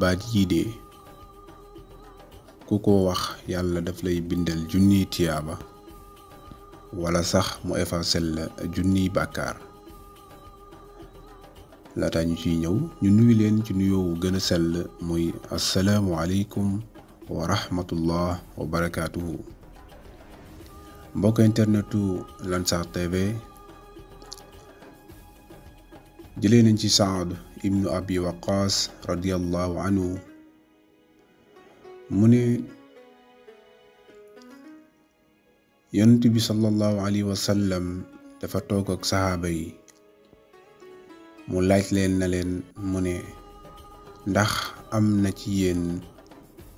baat yii de ku ko wax yàlla daf lay bindal junniy tiyaaba wala sax mu efasel la junniy bàkkaar laata ñu ciy ñëw ñu nuyu leen ci nuyoowu gën a sell muy asalaamu aleykum wa rahmatullah mbokk internetu Lansar TV جلين انجي سعد ابن ابي وقاص رضي الله عنه مني ينتبي صلى الله عليه وسلم تفتوك صحابي مولايت لين نلين مني ndax am na ci yéen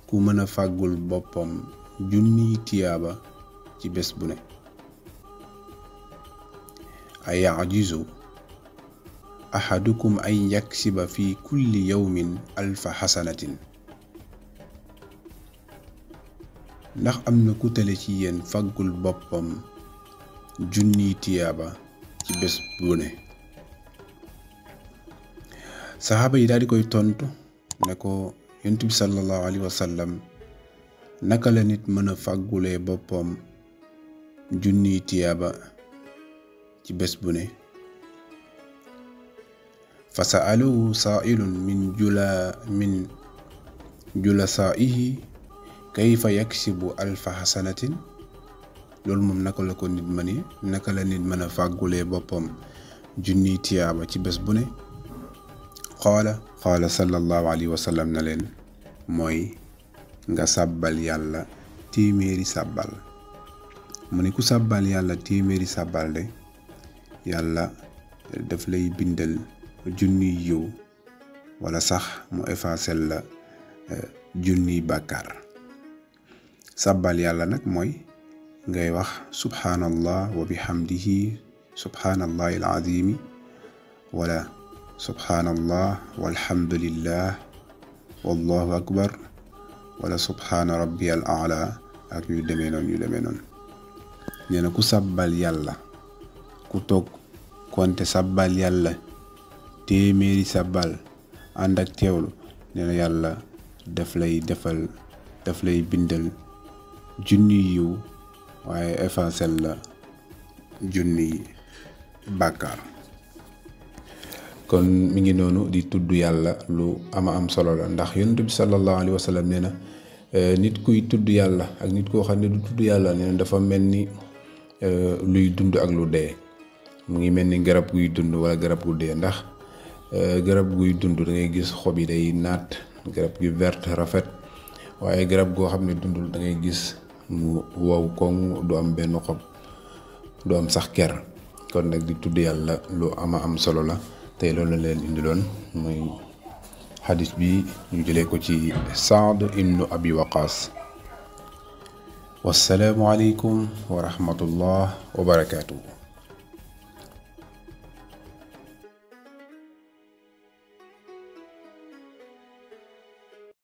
ku mën a fàggul boppam junni tiyaaba ci bés ahadukum an yaksiba fi kulli yawmin alfa xasanatin ndax am na ku tële ci yéen faggul boppam junniy tiyaaba ci bés bu ne saxaaba yi daldi koy tontu ne ko yontu bi sallallahu alayhi naka la nit mën a faggulee boppam junniy tiyaaba ci bés bu ne fa sa'alahu saa'ilun min jula min julasaa'ihi kayfa yaksibu alfa xasanatin loolu moom naka la ko nit mënee naka la nit mën a fàggulee boppam junniy tiyaaba ci bés bu ne xoola xoola sallallahu alayhi mooy nga sàbbal yàlla téeméeri sàbbal mu ne ku sàbbal yàlla téeméeri sàbbal de yàlla daf lay bindal junniy yiw wala sax mu effacer la junniy bakar sàbbal yàlla nak moy ngay wax subhanallah wa bihamdihi subhanallahi alazim wala subhanallah walhamdulillah wallahu akbar wala subhan rabbi al ala ak yu deme non yu deme non nee ku sàbbal yàlla ku tok konte sàbbal yàlla sa bal and ak teewlu nee na daf lay defal daf lay bindal junni yu waye efansel la junni bakar kon mi ngi nonu di tuddu yalla lu ama am solo la ndax yunus bi sallallahu alaihi Wasallam sallam na eh, nit kuy tuddu yalla ak nit ko xam du tuddu yalla nee na dafa melni euh luy dund ak lu dé mu ngi melni garab guy dund wala garab gu dé ndax garab guy dund da ngay gis xob yi day naat garab gi vert rafet waaye garab goo xam ne dundul da ngay gis mu wow koŋ du am benn xob du am sax ker kon nag di tudd yàlla lu ama am solo la tey loolu la leen indiloon muy xadis bi ñu jëlee ko ci saad ibnu abi waqas wasalaamu aleykum wa rahmatullah wa barakaatuhu